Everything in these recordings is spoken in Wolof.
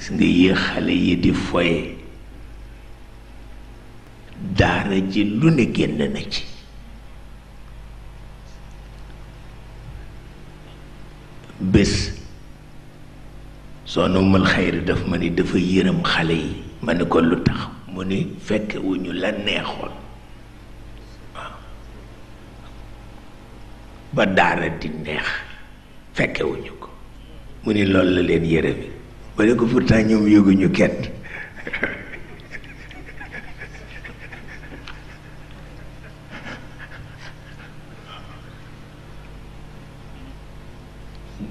gis nga yéex xale yi di foye daara ji lu ne génn na ci bés soo nomal xayri daf ma ni dafa yërëm xale yi ma ni ko lu tax mu ni fekke wu ñu la neexoon waaw ba daara di neex fekke wu ñu ko mu ni loolu la leen yërëmi ma ne ko pourtant ñoom yëguñu kenn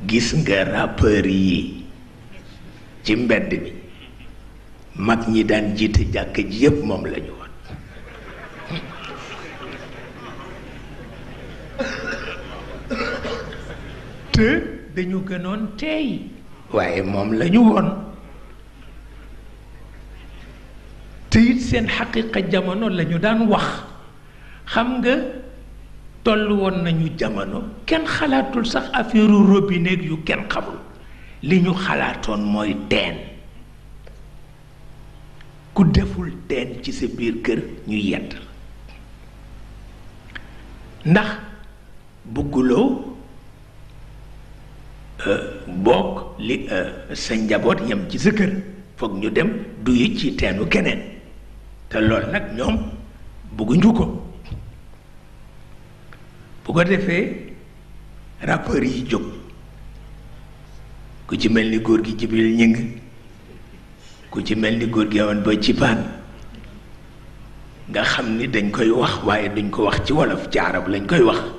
gis nga rappeur yi ci mbedd mi mag ñi daan jiite jàkk ji yépp moom lañu woon te dañu gënoon teey waaye moom la ñu woon te it seen xaqiqa jamono lañu daan wax xam nga toll woon nañu jamono kenn xalaatul sax affaire robinet yu kenn xamul li ñu xalaatoon mooy teen ku deful teen ci sa biir kër ñu yedd ndax bëgguloo bokk li sa njaboot yem ci sa kër foog ñu dem duyi ci teenu keneen te lool nag ñoom bëgguñu ko bu ko defee rappeurs yi jóg ku ci mel ni góor gi Jibril Ñing ku ci mel ni góor gi awoon ba ci paan nga xam ni dañ koy wax waaye duñ ko wax ci wolof ci arab lañ koy wax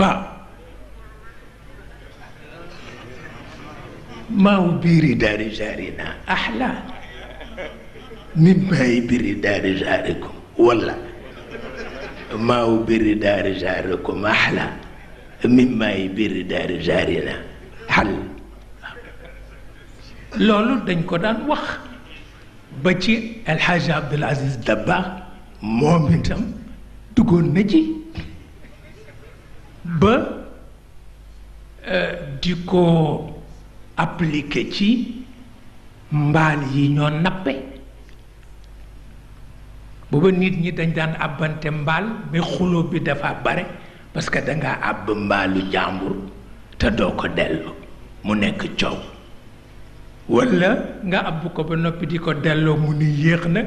ما ما هو بيري داري جارينا أحلى من ما يبري دار جاركم ولا ما هو بيري داري جاركم أحلى مما يبيري داري جارينا حل لولو dañ ko وخ بچي الحاج عبد العزيز Hadj مومنتم تقول نجي ba eh, di ko appliquer ci mbaal yi ñoo nappe booba nit ñi dañ daan àbbante mbaal mais xuloo bi dafa bare parce que danga àbb mbaalu jàmbur te doo ko dellu mu nekk coow walla nga àbb ko ba noppi di ko delloo mu ni yéex na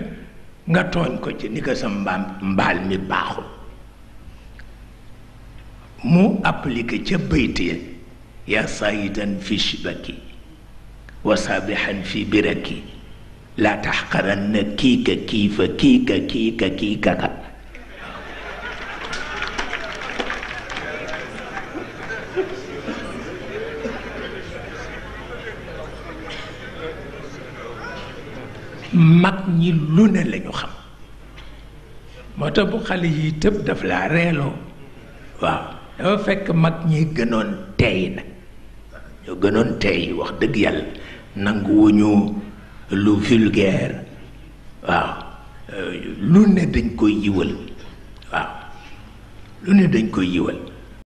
nga tooñ ko ci ni ko sa mbaam mbaal mi baaxul mu appliqué ci bayt ya sayidan fi shibaki wa sabihan fi biraki la laa kika kifa kika kika kika ka mag ñi lu ne lañu xam moo tax bu xale yi tëb daf laa reeloo waaw dafa fekk mag ñi gënoon teey nag ñoo gënoon teey wax dëgg yàlla nanguwuñu lu vulgaire waaw euh, lu ne dañ koy yiwal waaw lu ne dañ koy yiwal